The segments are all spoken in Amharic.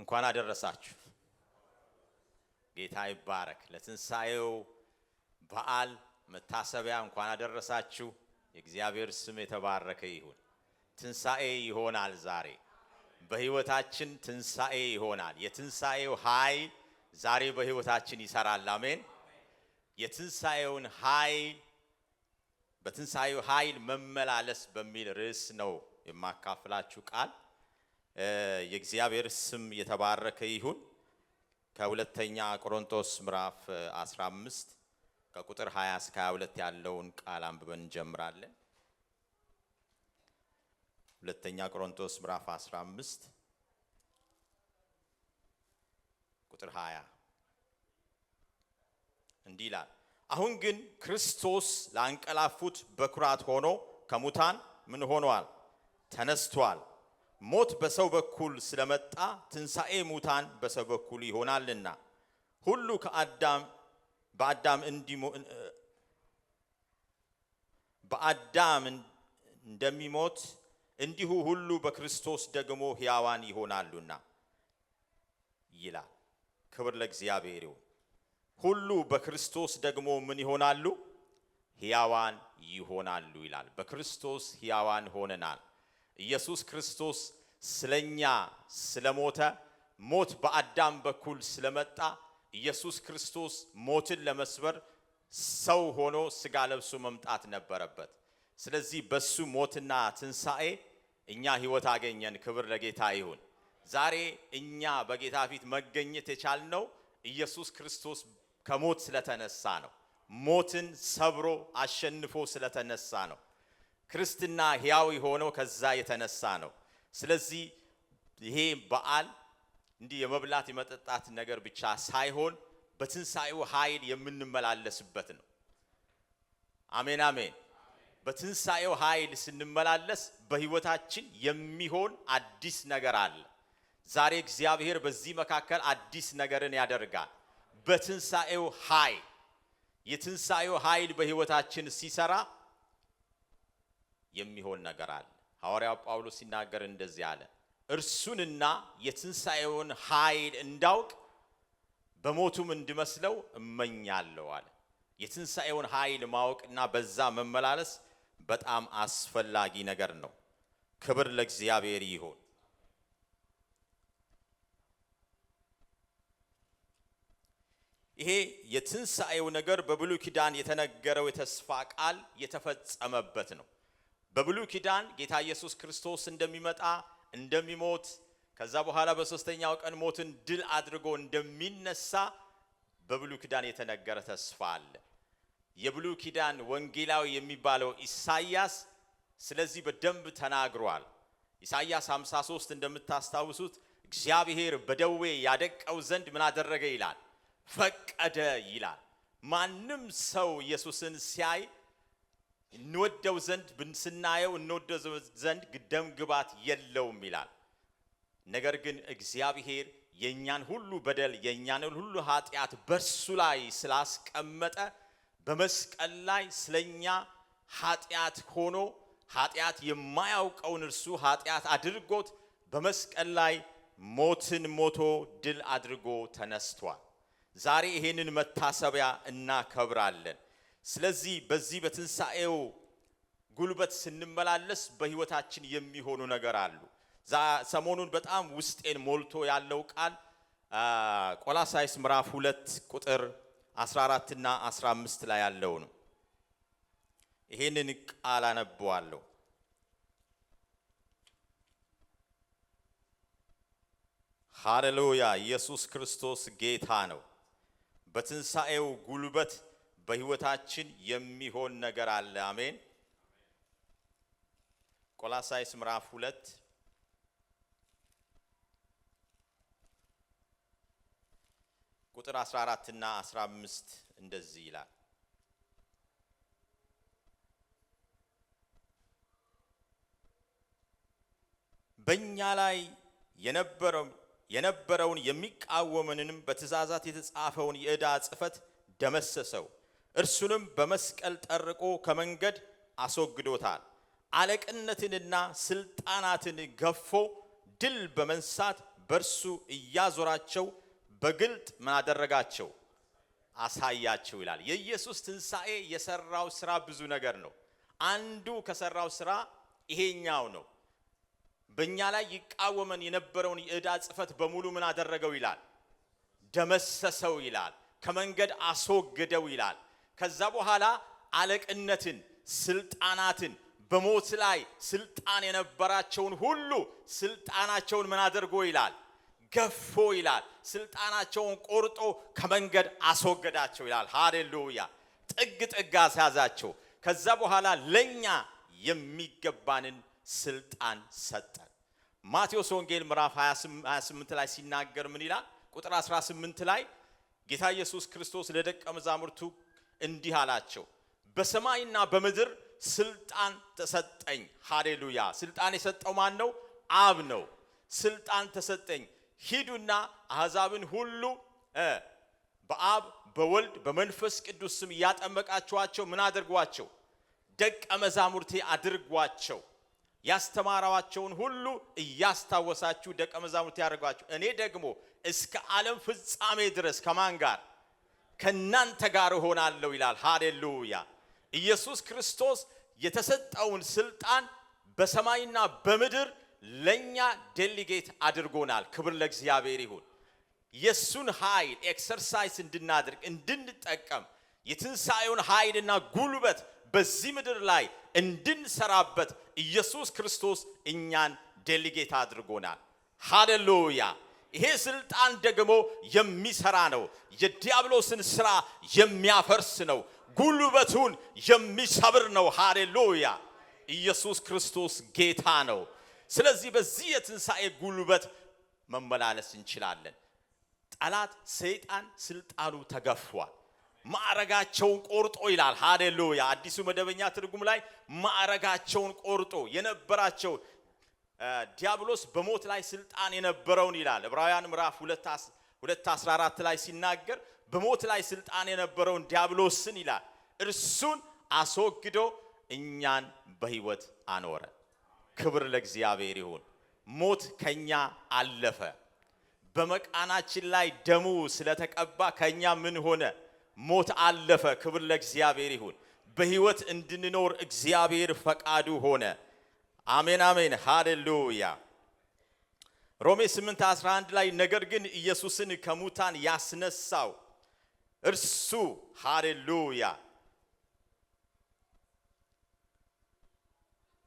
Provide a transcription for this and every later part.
እንኳን አደረሳችሁ። ጌታ ይባረክ። ለትንሣኤው በዓል መታሰቢያ እንኳን አደረሳችሁ። የእግዚአብሔር ስም የተባረከ ይሁን። ትንሣኤ ይሆናል ዛሬ በሕይወታችን ትንሣኤ ይሆናል። የትንሣኤው ኃይል ዛሬ በሕይወታችን ይሰራል። አሜን። የትንሣኤውን ኃይል በትንሣኤው ኃይል መመላለስ በሚል ርዕስ ነው የማካፍላችሁ ቃል የእግዚአብሔር ስም የተባረከ ይሁን። ከሁለተኛ ቆሮንቶስ ምዕራፍ 15 ከቁጥር 20 እስከ 22 ያለውን ቃል አንብበን እንጀምራለን። ሁለተኛ ቆሮንቶስ ምዕራፍ 15 ቁጥር 20 እንዲህ ይላል። አሁን ግን ክርስቶስ ላንቀላፉት በኩራት ሆኖ ከሙታን ምን ሆኗል? ተነስቷል። ሞት በሰው በኩል ስለመጣ ትንሣኤ ሙታን በሰው በኩል ይሆናልና ሁሉ ከአዳም በአዳም እንዲሞ በአዳም እንደሚሞት እንዲሁ ሁሉ በክርስቶስ ደግሞ ሕያዋን ይሆናሉና ይላል። ክብር ለእግዚአብሔር ይሁን። ሁሉ በክርስቶስ ደግሞ ምን ይሆናሉ? ሕያዋን ይሆናሉ ይላል። በክርስቶስ ሕያዋን ሆነናል። ኢየሱስ ክርስቶስ ስለኛ ስለሞተ ሞት በአዳም በኩል ስለመጣ ኢየሱስ ክርስቶስ ሞትን ለመስበር ሰው ሆኖ ስጋ ለብሶ መምጣት ነበረበት። ስለዚህ በሱ ሞትና ትንሣኤ እኛ ህይወት አገኘን። ክብር ለጌታ ይሁን። ዛሬ እኛ በጌታ ፊት መገኘት የቻልነው ኢየሱስ ክርስቶስ ከሞት ስለተነሳ ነው። ሞትን ሰብሮ አሸንፎ ስለተነሳ ነው። ክርስትና ሕያው የሆነው ከዛ የተነሳ ነው። ስለዚህ ይሄ በዓል እንዲህ የመብላት የመጠጣት ነገር ብቻ ሳይሆን በትንሣኤው ኃይል የምንመላለስበት ነው። አሜን አሜን። በትንሣኤው ኃይል ስንመላለስ በሕይወታችን የሚሆን አዲስ ነገር አለ። ዛሬ እግዚአብሔር በዚህ መካከል አዲስ ነገርን ያደርጋል። በትንሣኤው ኃይል የትንሣኤው ኃይል በሕይወታችን ሲሰራ የሚሆን ነገር አለ። ሐዋርያው ጳውሎስ ሲናገር እንደዚህ አለ፣ እርሱንና የትንሣኤውን ኃይል እንዳውቅ በሞቱም እንድመስለው እመኛለሁ አለ። የትንሣኤውን ኃይል ማወቅና በዛ መመላለስ በጣም አስፈላጊ ነገር ነው። ክብር ለእግዚአብሔር ይሁን። ይሄ የትንሣኤው ነገር በብሉይ ኪዳን የተነገረው የተስፋ ቃል የተፈጸመበት ነው። በብሉይ ኪዳን ጌታ ኢየሱስ ክርስቶስ እንደሚመጣ እንደሚሞት ከዛ በኋላ በሶስተኛው ቀን ሞትን ድል አድርጎ እንደሚነሳ በብሉይ ኪዳን የተነገረ ተስፋ አለ። የብሉይ ኪዳን ወንጌላዊ የሚባለው ኢሳይያስ ስለዚህ በደንብ ተናግሯል። ኢሳይያስ 53 እንደምታስታውሱት እግዚአብሔር በደዌ ያደቀው ዘንድ ምን አደረገ ይላል፣ ፈቀደ ይላል። ማንም ሰው ኢየሱስን ሲያይ እንወደው ዘንድ ስናየው እንወደው ዘንድ ግደም ግባት የለውም ይላል። ነገር ግን እግዚአብሔር የእኛን ሁሉ በደል የእኛን ሁሉ ኃጢአት በእርሱ ላይ ስላስቀመጠ በመስቀል ላይ ስለኛ ኃጢአት ሆኖ ኃጢአት የማያውቀውን እርሱ ኃጢአት አድርጎት በመስቀል ላይ ሞትን ሞቶ ድል አድርጎ ተነስቷል። ዛሬ ይሄንን መታሰቢያ እናከብራለን። ስለዚህ በዚህ በትንሣኤው ጉልበት ስንመላለስ በሕይወታችን የሚሆኑ ነገር አሉ። ሰሞኑን በጣም ውስጤን ሞልቶ ያለው ቃል ቆላሳይስ ምዕራፍ 2 ቁጥር 14 እና 15 ላይ ያለው ነው። ይሄንን ቃል አነበዋለሁ። ሃሌሉያ! ኢየሱስ ክርስቶስ ጌታ ነው። በትንሣኤው ጉልበት በህይወታችን የሚሆን ነገር አለ። አሜን። ቆላሳይስ ምዕራፍ ሁለት ቁጥር 14 እና 15 እንደዚህ ይላል። በእኛ ላይ የነበረውን የሚቃወመንንም በትእዛዛት የተጻፈውን የዕዳ ጽሕፈት ደመሰሰው እርሱንም በመስቀል ጠርቆ ከመንገድ አስወግዶታል። አለቅነትንና ስልጣናትን ገፎ ድል በመንሳት በእርሱ እያዞራቸው በግልጥ ምን አደረጋቸው? አሳያቸው ይላል። የኢየሱስ ትንሣኤ የሰራው ስራ ብዙ ነገር ነው። አንዱ ከሰራው ስራ ይሄኛው ነው። በእኛ ላይ ይቃወመን የነበረውን የዕዳ ጽፈት በሙሉ ምን አደረገው ይላል፣ ደመሰሰው ይላል፣ ከመንገድ አስወግደው ይላል። ከዛ በኋላ አለቅነትን፣ ስልጣናትን በሞት ላይ ስልጣን የነበራቸውን ሁሉ ስልጣናቸውን ምን አድርጎ ይላል ገፎ ይላል። ስልጣናቸውን ቆርጦ ከመንገድ አስወገዳቸው ይላል። ሃሌሉያ! ጥግ ጥግ አስያዛቸው። ከዛ በኋላ ለእኛ የሚገባንን ስልጣን ሰጠን። ማቴዎስ ወንጌል ምዕራፍ 28 ላይ ሲናገር ምን ይላል? ቁጥር 18 ላይ ጌታ ኢየሱስ ክርስቶስ ለደቀ መዛሙርቱ እንዲህ አላቸው፣ በሰማይና በምድር ስልጣን ተሰጠኝ። ሃሌሉያ! ስልጣን የሰጠው ማን ነው? አብ ነው። ስልጣን ተሰጠኝ፣ ሂዱና አሕዛብን ሁሉ በአብ በወልድ በመንፈስ ቅዱስ ስም እያጠመቃችኋቸው ምን አድርጓቸው? ደቀ መዛሙርቴ አድርጓቸው። ያስተማራዋቸውን ሁሉ እያስታወሳችሁ ደቀ መዛሙርቴ አድርጓቸው። እኔ ደግሞ እስከ ዓለም ፍጻሜ ድረስ ከማን ጋር ከእናንተ ጋር እሆናለሁ ይላል። ሃሌሉያ! ኢየሱስ ክርስቶስ የተሰጠውን ስልጣን በሰማይና በምድር ለእኛ ዴሊጌት አድርጎናል። ክብር ለእግዚአብሔር ይሁን። የእሱን ኃይል ኤክሰርሳይዝ እንድናደርግ እንድንጠቀም የትንሣኤውን ኃይልና ጉልበት በዚህ ምድር ላይ እንድንሰራበት ኢየሱስ ክርስቶስ እኛን ዴሊጌት አድርጎናል። ሃሌሉያ! ይሄ ስልጣን ደግሞ የሚሰራ ነው። የዲያብሎስን ስራ የሚያፈርስ ነው። ጉልበቱን የሚሰብር ነው። ሃሌሉያ! ኢየሱስ ክርስቶስ ጌታ ነው። ስለዚህ በዚህ የትንሣኤ ጉልበት መመላለስ እንችላለን። ጠላት ሰይጣን ስልጣኑ ተገፏል። ማዕረጋቸውን ቆርጦ ይላል። ሃሌሉያ! አዲሱ መደበኛ ትርጉም ላይ ማዕረጋቸውን ቆርጦ የነበራቸውን ዲያብሎስ በሞት ላይ ስልጣን የነበረውን ይላል ዕብራውያን ምዕራፍ 2:14 ላይ ሲናገር በሞት ላይ ስልጣን የነበረውን ዲያብሎስን ይላል እርሱን አስወግዶ እኛን በህይወት አኖረ። ክብር ለእግዚአብሔር ይሁን። ሞት ከኛ አለፈ። በመቃናችን ላይ ደሙ ስለተቀባ ከኛ ምን ሆነ? ሞት አለፈ። ክብር ለእግዚአብሔር ይሁን። በህይወት እንድንኖር እግዚአብሔር ፈቃዱ ሆነ። አሜን አሜን፣ ሃሌሉያ። ሮሜ 8 11 ላይ ነገር ግን ኢየሱስን ከሙታን ያስነሳው እርሱ ሃሌሉያ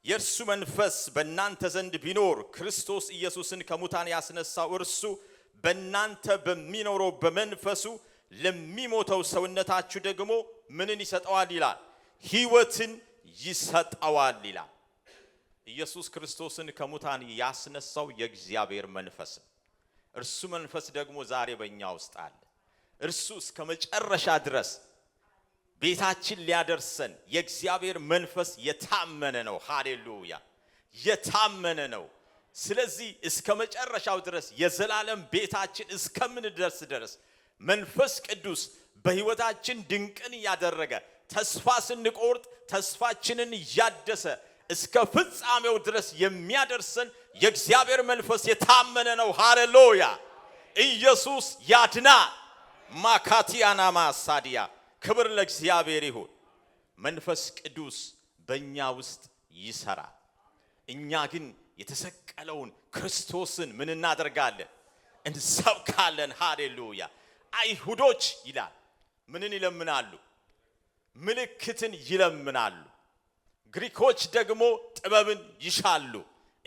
የእርሱ መንፈስ በእናንተ ዘንድ ቢኖር ክርስቶስ ኢየሱስን ከሙታን ያስነሳው እርሱ በእናንተ በሚኖረው በመንፈሱ ለሚሞተው ሰውነታችሁ ደግሞ ምንን ይሰጠዋል ይላል? ሕይወትን ይሰጠዋል ይላል። ኢየሱስ ክርስቶስን ከሙታን ያስነሳው የእግዚአብሔር መንፈስ ነው። እርሱ መንፈስ ደግሞ ዛሬ በእኛ ውስጥ አለ። እርሱ እስከ መጨረሻ ድረስ ቤታችን ሊያደርሰን የእግዚአብሔር መንፈስ የታመነ ነው። ሃሌሉያ! የታመነ ነው። ስለዚህ እስከ መጨረሻው ድረስ የዘላለም ቤታችን እስከምንደርስ ድረስ መንፈስ ቅዱስ በሕይወታችን ድንቅን እያደረገ ተስፋ ስንቆርጥ ተስፋችንን እያደሰ እስከ ፍጻሜው ድረስ የሚያደርሰን የእግዚአብሔር መንፈስ የታመነ ነው። ሃሌሉያ! ኢየሱስ ያድና። ማካቲያና ማሳዲያ ክብር ለእግዚአብሔር ይሁን። መንፈስ ቅዱስ በእኛ ውስጥ ይሰራ። እኛ ግን የተሰቀለውን ክርስቶስን ምን እናደርጋለን? እንሰብካለን። ሃሌሉያ! አይሁዶች ይላል ምንን ይለምናሉ? ምልክትን ይለምናሉ። ግሪኮች ደግሞ ጥበብን ይሻሉ።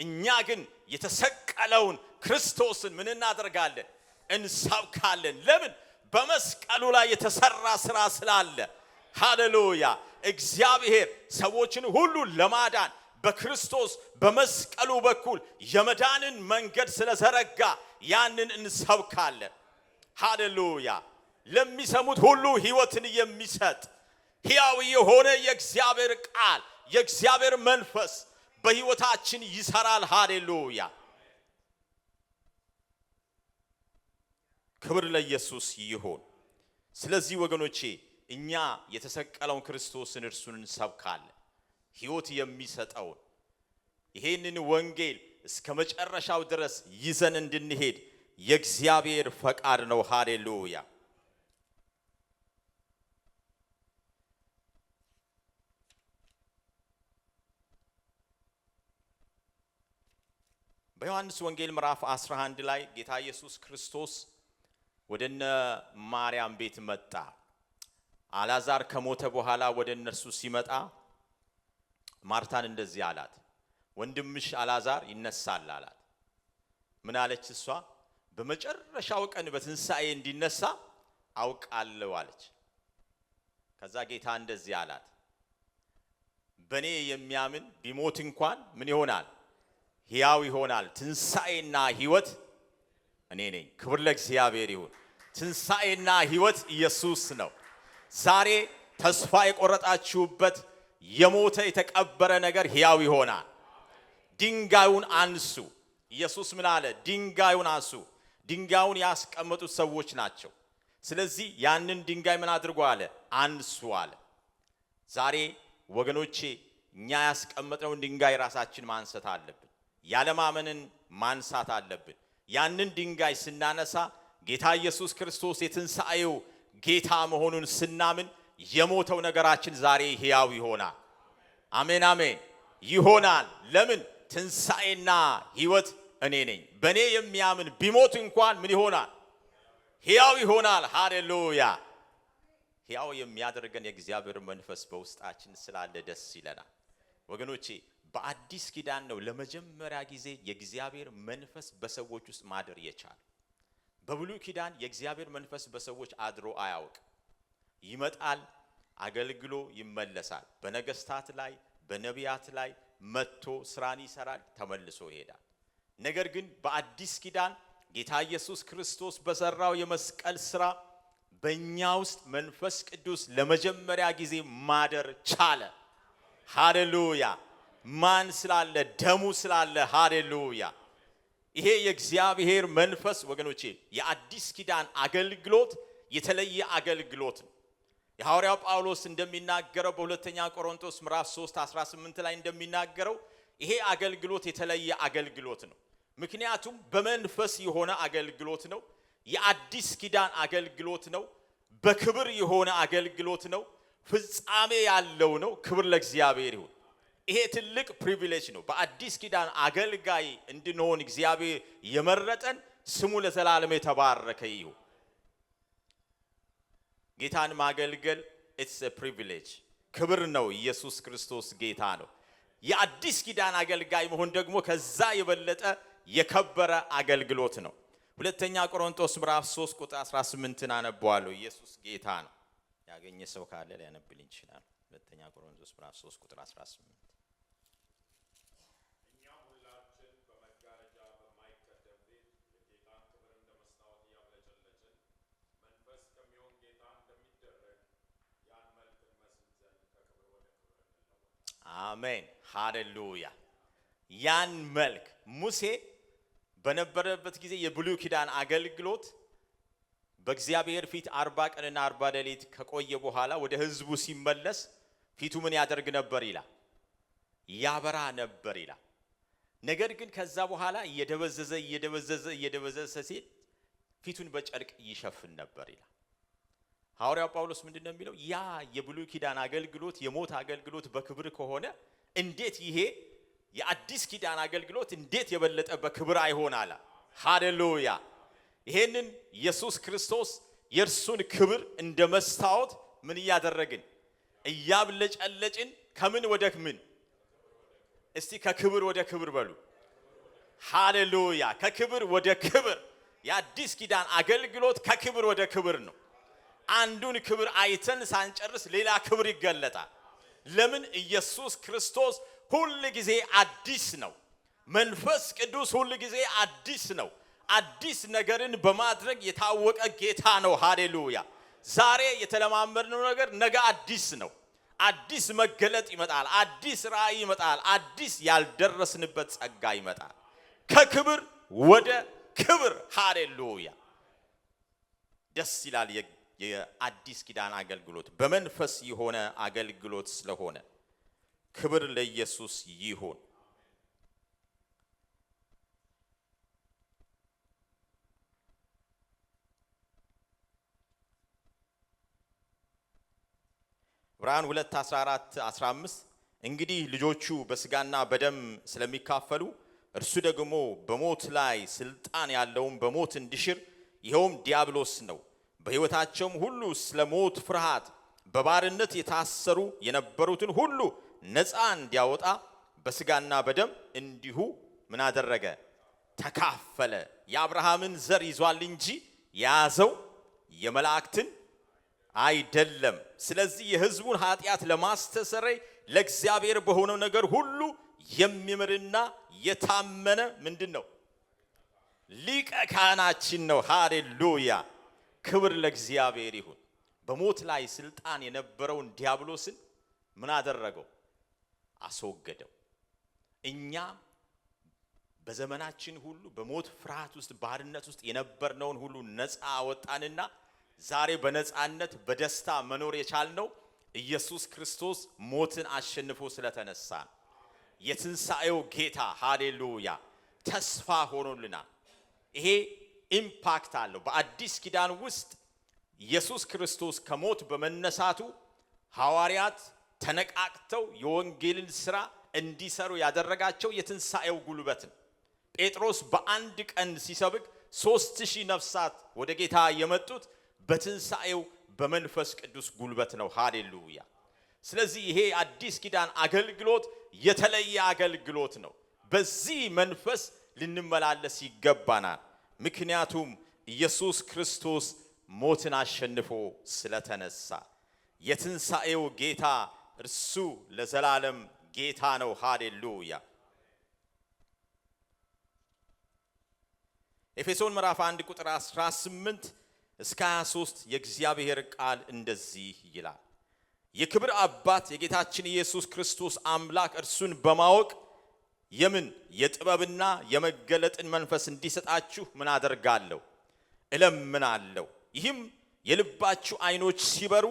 እኛ ግን የተሰቀለውን ክርስቶስን ምን እናደርጋለን? እንሰብካለን። ለምን? በመስቀሉ ላይ የተሰራ ስራ ስላለ። ሃሌሉያ! እግዚአብሔር ሰዎችን ሁሉ ለማዳን በክርስቶስ በመስቀሉ በኩል የመዳንን መንገድ ስለዘረጋ ያንን እንሰብካለን። ሃሌሉያ! ለሚሰሙት ሁሉ ሕይወትን የሚሰጥ ሕያው የሆነ የእግዚአብሔር ቃል የእግዚአብሔር መንፈስ በሕይወታችን ይሰራል። ሃሌሉያ! ክብር ለኢየሱስ ይሁን። ስለዚህ ወገኖቼ እኛ የተሰቀለውን ክርስቶስን እርሱን እንሰብካለን፣ ሕይወት የሚሰጠውን ይሄንን ወንጌል እስከ መጨረሻው ድረስ ይዘን እንድንሄድ የእግዚአብሔር ፈቃድ ነው። ሃሌሉያ! በዮሐንስ ወንጌል ምዕራፍ 11 ላይ ጌታ ኢየሱስ ክርስቶስ ወደነ ማርያም ቤት መጣ። አላዛር ከሞተ በኋላ ወደ እነርሱ ሲመጣ ማርታን እንደዚህ አላት፣ ወንድምሽ አላዛር ይነሳል አላት። ምን አለች እሷ? በመጨረሻው ቀን በትንሣኤ እንዲነሳ አውቃለሁ አለች። ከዛ ጌታ እንደዚህ አላት፣ በእኔ የሚያምን ቢሞት እንኳን ምን ይሆናል ሕያው ይሆናል። ትንሣኤና ሕይወት እኔ ነኝ። ክብር ለእግዚአብሔር ይሁን። ትንሣኤና ሕይወት ኢየሱስ ነው። ዛሬ ተስፋ የቆረጣችሁበት የሞተ የተቀበረ ነገር ሕያው ይሆናል። ድንጋዩን አንሱ። ኢየሱስ ምን አለ? ድንጋዩን አንሱ። ድንጋዩን ያስቀመጡት ሰዎች ናቸው። ስለዚህ ያንን ድንጋይ ምን አድርጎ አለ? አንሱ አለ። ዛሬ ወገኖቼ እኛ ያስቀመጥነውን ድንጋይ ራሳችን ማንሳት አለብን። ያለማመንን ማንሳት አለብን። ያንን ድንጋይ ስናነሳ ጌታ ኢየሱስ ክርስቶስ የትንሣኤው ጌታ መሆኑን ስናምን የሞተው ነገራችን ዛሬ ሕያው ይሆናል። አሜን አሜን ይሆናል። ለምን? ትንሣኤና ሕይወት እኔ ነኝ። በእኔ የሚያምን ቢሞት እንኳን ምን ይሆናል? ሕያው ይሆናል። ሃሌሉያ! ሕያው የሚያደርገን የእግዚአብሔር መንፈስ በውስጣችን ስላለ ደስ ይለናል ወገኖቼ። በአዲስ ኪዳን ነው ለመጀመሪያ ጊዜ የእግዚአብሔር መንፈስ በሰዎች ውስጥ ማደር የቻለ። በብሉይ ኪዳን የእግዚአብሔር መንፈስ በሰዎች አድሮ አያውቅ። ይመጣል፣ አገልግሎ ይመለሳል። በነገስታት ላይ በነቢያት ላይ መጥቶ ስራን ይሰራል፣ ተመልሶ ይሄዳል። ነገር ግን በአዲስ ኪዳን ጌታ ኢየሱስ ክርስቶስ በሰራው የመስቀል ስራ በእኛ ውስጥ መንፈስ ቅዱስ ለመጀመሪያ ጊዜ ማደር ቻለ። ሃሌሉያ! ማን ስላለ ደሙ ስላለ ሃሌሉያ። ይሄ የእግዚአብሔር መንፈስ ወገኖቼ የአዲስ ኪዳን አገልግሎት የተለየ አገልግሎት ነው። የሐዋርያው ጳውሎስ እንደሚናገረው በሁለተኛ ቆሮንቶስ ምዕራፍ 3 18 ላይ እንደሚናገረው ይሄ አገልግሎት የተለየ አገልግሎት ነው። ምክንያቱም በመንፈስ የሆነ አገልግሎት ነው። የአዲስ ኪዳን አገልግሎት ነው። በክብር የሆነ አገልግሎት ነው። ፍጻሜ ያለው ነው። ክብር ለእግዚአብሔር ይሁን። ይሄ ትልቅ ፕሪቪሌጅ ነው። በአዲስ ኪዳን አገልጋይ እንድንሆን እግዚአብሔር የመረጠን ስሙ ለዘላለም የተባረከ ይሁን። ጌታን ማገልገል ኢትስ ፕሪቪሌጅ ክብር ነው። ኢየሱስ ክርስቶስ ጌታ ነው። የአዲስ ኪዳን አገልጋይ መሆን ደግሞ ከዛ የበለጠ የከበረ አገልግሎት ነው። ሁለተኛ ቆሮንቶስ ምዕራፍ 3 ቁጥር 18ን አነበዋለሁ። ኢየሱስ ጌታ ነው። ያገኘ ሰው ካለ ሊያነብልኝ ይችላል። ሁለተኛ ቆሮንቶስ ምዕራፍ 3 ቁጥር 18 አሜን ሃሌሉያ። ያን መልክ ሙሴ በነበረበት ጊዜ የብሉይ ኪዳን አገልግሎት በእግዚአብሔር ፊት አርባ ቀንና አርባ ሌሊት ከቆየ በኋላ ወደ ህዝቡ ሲመለስ ፊቱ ምን ያደርግ ነበር ይላል? ያበራ ነበር ይላል። ነገር ግን ከዛ በኋላ እየደበዘዘ እየደበዘዘ እየደበዘዘ ሲል ፊቱን በጨርቅ ይሸፍን ነበር ይላል። ሐዋርያው ጳውሎስ ምንድን ነው የሚለው? ያ የብሉይ ኪዳን አገልግሎት የሞት አገልግሎት በክብር ከሆነ እንዴት ይሄ የአዲስ ኪዳን አገልግሎት እንዴት የበለጠ በክብር አይሆን አላ። ሃሌሉያ! ይሄንን ኢየሱስ ክርስቶስ የእርሱን ክብር እንደ መስታወት ምን እያደረግን እያብለጨለጭን ከምን ወደ ምን? እስቲ ከክብር ወደ ክብር በሉ። ሃሌሉያ! ከክብር ወደ ክብር የአዲስ ኪዳን አገልግሎት ከክብር ወደ ክብር ነው። አንዱን ክብር አይተን ሳንጨርስ ሌላ ክብር ይገለጣል። ለምን? ኢየሱስ ክርስቶስ ሁል ጊዜ አዲስ ነው። መንፈስ ቅዱስ ሁል ጊዜ አዲስ ነው። አዲስ ነገርን በማድረግ የታወቀ ጌታ ነው። ሃሌሉያ! ዛሬ የተለማመድነው ነገር ነገ አዲስ ነው። አዲስ መገለጥ ይመጣል። አዲስ ራእይ ይመጣል። አዲስ ያልደረስንበት ጸጋ ይመጣል። ከክብር ወደ ክብር። ሃሌሉያ! ደስ ይላል። የአዲስ ኪዳን አገልግሎት በመንፈስ የሆነ አገልግሎት ስለሆነ ክብር ለኢየሱስ ይሁን። ብርሃን 2 14 15 እንግዲህ ልጆቹ በስጋና በደም ስለሚካፈሉ እርሱ ደግሞ በሞት ላይ ስልጣን ያለውን በሞት እንዲሽር ይኸውም ዲያብሎስ ነው በሕይወታቸውም ሁሉ ስለ ሞት ፍርሃት በባርነት የታሰሩ የነበሩትን ሁሉ ነፃ እንዲያወጣ በስጋና በደም እንዲሁ ምን አደረገ? ተካፈለ። የአብርሃምን ዘር ይዟል እንጂ የያዘው የመላእክትን አይደለም። ስለዚህ የሕዝቡን ኃጢአት ለማስተሰረይ ለእግዚአብሔር በሆነው ነገር ሁሉ የሚምርና የታመነ ምንድን ነው? ሊቀ ካህናችን ነው። ሃሌሉያ ክብር ለእግዚአብሔር ይሁን። በሞት ላይ ስልጣን የነበረውን ዲያብሎስን ምን አደረገው? አስወገደው። እኛ በዘመናችን ሁሉ በሞት ፍርሃት ውስጥ ባርነት ውስጥ የነበርነውን ሁሉ ነፃ አወጣንና ዛሬ በነፃነት በደስታ መኖር የቻልነው ኢየሱስ ክርስቶስ ሞትን አሸንፎ ስለተነሳ ነው። የትንሣኤው ጌታ ሃሌሉያ ተስፋ ሆኖልናል። ይሄ ኢምፓክት አለው። በአዲስ ኪዳን ውስጥ ኢየሱስ ክርስቶስ ከሞት በመነሳቱ ሐዋርያት ተነቃቅተው የወንጌልን ሥራ እንዲሰሩ ያደረጋቸው የትንሣኤው ጉልበት ነው። ጴጥሮስ በአንድ ቀን ሲሰብክ ሦስት ሺህ ነፍሳት ወደ ጌታ የመጡት በትንሣኤው በመንፈስ ቅዱስ ጉልበት ነው። ሃሌሉያ! ስለዚህ ይሄ አዲስ ኪዳን አገልግሎት የተለየ አገልግሎት ነው። በዚህ መንፈስ ልንመላለስ ይገባናል። ምክንያቱም ኢየሱስ ክርስቶስ ሞትን አሸንፎ ስለተነሳ የትንሣኤው ጌታ እርሱ ለዘላለም ጌታ ነው። ሃሌሉያ። ኤፌሶን ምዕራፍ 1 ቁጥር 18 እስከ 23 የእግዚአብሔር ቃል እንደዚህ ይላል። የክብር አባት የጌታችን ኢየሱስ ክርስቶስ አምላክ እርሱን በማወቅ የምን የጥበብና የመገለጥን መንፈስ እንዲሰጣችሁ ምን አደርጋለሁ እለምናለሁ። ይህም የልባችሁ ዓይኖች ሲበሩ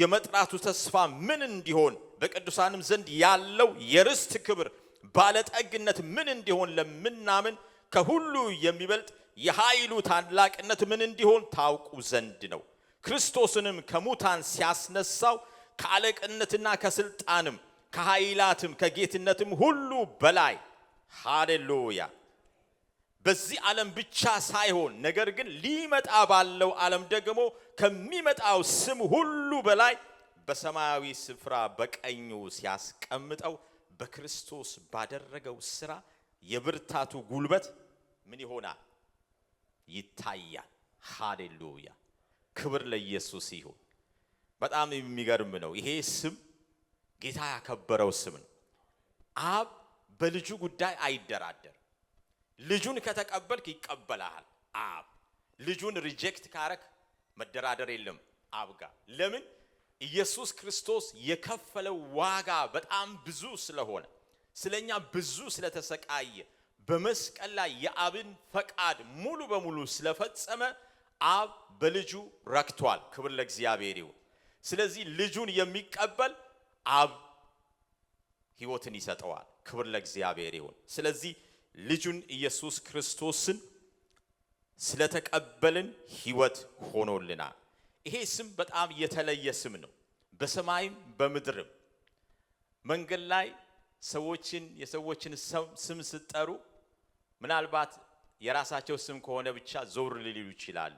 የመጥራቱ ተስፋ ምን እንዲሆን በቅዱሳንም ዘንድ ያለው የርስት ክብር ባለጠግነት ምን እንዲሆን ለምናምን ከሁሉ የሚበልጥ የኃይሉ ታላቅነት ምን እንዲሆን ታውቁ ዘንድ ነው። ክርስቶስንም ከሙታን ሲያስነሳው ከአለቅነትና ከስልጣንም ከኃይላትም ከጌትነትም ሁሉ በላይ ሃሌሉያ። በዚህ ዓለም ብቻ ሳይሆን ነገር ግን ሊመጣ ባለው ዓለም ደግሞ ከሚመጣው ስም ሁሉ በላይ በሰማያዊ ስፍራ በቀኙ ሲያስቀምጠው በክርስቶስ ባደረገው ስራ የብርታቱ ጉልበት ምን ይሆናል? ይታያል። ሃሌሉያ! ክብር ለኢየሱስ ይሁን። በጣም የሚገርም ነው ይሄ ስም ጌታ ያከበረው ስም ነው። አብ በልጁ ጉዳይ አይደራደር። ልጁን ከተቀበልክ ይቀበልሃል። አብ ልጁን ሪጀክት ካረክ መደራደር የለም አብ ጋር። ለምን? ኢየሱስ ክርስቶስ የከፈለው ዋጋ በጣም ብዙ ስለሆነ ስለኛ ብዙ ስለተሰቃየ በመስቀል ላይ የአብን ፈቃድ ሙሉ በሙሉ ስለፈጸመ አብ በልጁ ረክቷል። ክብር ለእግዚአብሔር ይሁን። ስለዚህ ልጁን የሚቀበል አብ ህይወትን ይሰጠዋል። ክብር ለእግዚአብሔር ይሁን። ስለዚህ ልጁን ኢየሱስ ክርስቶስን ስለተቀበልን ህይወት ሆኖልናል። ይሄ ስም በጣም የተለየ ስም ነው። በሰማይም በምድርም መንገድ ላይ ሰዎችን የሰዎችን ስም ስጠሩ ምናልባት የራሳቸው ስም ከሆነ ብቻ ዞር ሊሉ ይችላሉ።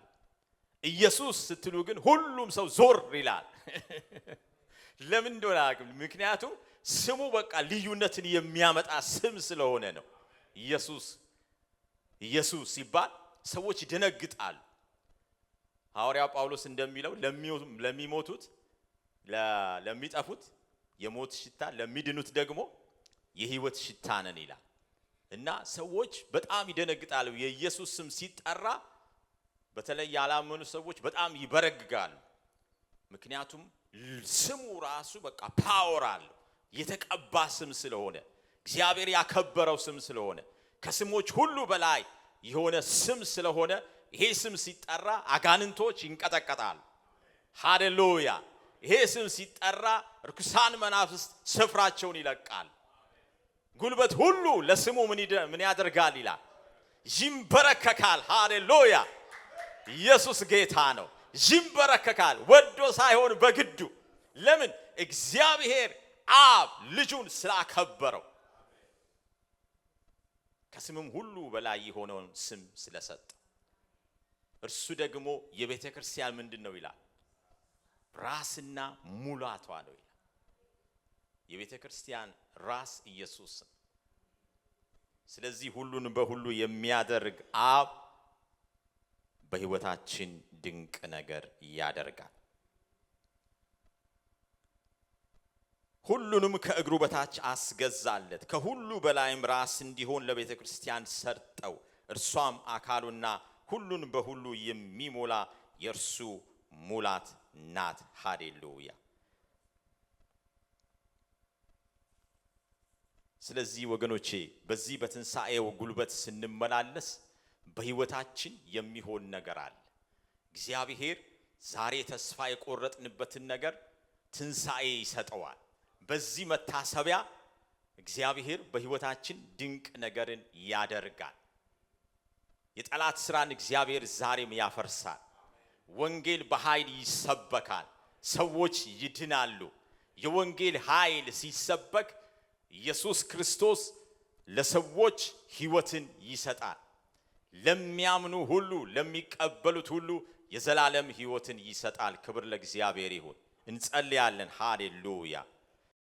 ኢየሱስ ስትሉ ግን ሁሉም ሰው ዞር ይላል። ለምን እንደሆነ አያውቅም። ምክንያቱም ስሙ በቃ ልዩነትን የሚያመጣ ስም ስለሆነ ነው። ኢየሱስ ኢየሱስ ሲባል ሰዎች ይደነግጣሉ። ሐዋርያው ጳውሎስ እንደሚለው ለሚሞቱት፣ ለሚጠፉት የሞት ሽታ፣ ለሚድኑት ደግሞ የህይወት ሽታ ነን ይላል እና ሰዎች በጣም ይደነግጣሉ። የኢየሱስ ስም ሲጠራ በተለይ ያላመኑ ሰዎች በጣም ይበረግጋሉ። ምክንያቱም ስሙ ራሱ በቃ ፓወር አለው። የተቀባ ስም ስለሆነ እግዚአብሔር ያከበረው ስም ስለሆነ ከስሞች ሁሉ በላይ የሆነ ስም ስለሆነ ይሄ ስም ሲጠራ አጋንንቶች ይንቀጠቀጣሉ። ሃሌሉያ! ይሄ ስም ሲጠራ ርኩሳን መናፍስት ስፍራቸውን ይለቃል። ጉልበት ሁሉ ለስሙ ምን ያደርጋል ይላል፣ ይንበረከካል። ሃሌሉያ! ኢየሱስ ጌታ ነው። ይንበረከካል። ወዶ ሳይሆን በግዱ። ለምን? እግዚአብሔር አብ ልጁን ስላከበረው ከስምም ሁሉ በላይ የሆነውን ስም ስለሰጠ እርሱ ደግሞ የቤተ ክርስቲያን ምንድን ነው ይላል? ራስና ሙላቷ ነው ይላል። የቤተ ክርስቲያን ራስ ኢየሱስ ነው። ስለዚህ ሁሉን በሁሉ የሚያደርግ አብ በህይወታችን ድንቅ ነገር ያደርጋል። ሁሉንም ከእግሩ በታች አስገዛለት፣ ከሁሉ በላይም ራስ እንዲሆን ለቤተ ክርስቲያን ሰጠው። እርሷም አካሉና ሁሉን በሁሉ የሚሞላ የእርሱ ሙላት ናት። ሃሌሉያ። ስለዚህ ወገኖቼ በዚህ በትንሣኤው ጉልበት ስንመላለስ በህይወታችን የሚሆን ነገር አለ። እግዚአብሔር ዛሬ ተስፋ የቆረጥንበትን ነገር ትንሣኤ ይሰጠዋል። በዚህ መታሰቢያ እግዚአብሔር በህይወታችን ድንቅ ነገርን ያደርጋል። የጠላት ስራን እግዚአብሔር ዛሬም ያፈርሳል። ወንጌል በኃይል ይሰበካል። ሰዎች ይድናሉ። የወንጌል ኃይል ሲሰበክ ኢየሱስ ክርስቶስ ለሰዎች ህይወትን ይሰጣል። ለሚያምኑ ሁሉ ለሚቀበሉት ሁሉ የዘላለም ሕይወትን ይሰጣል። ክብር ለእግዚአብሔር ይሁን። እንጸልያለን። ሃሌሉያ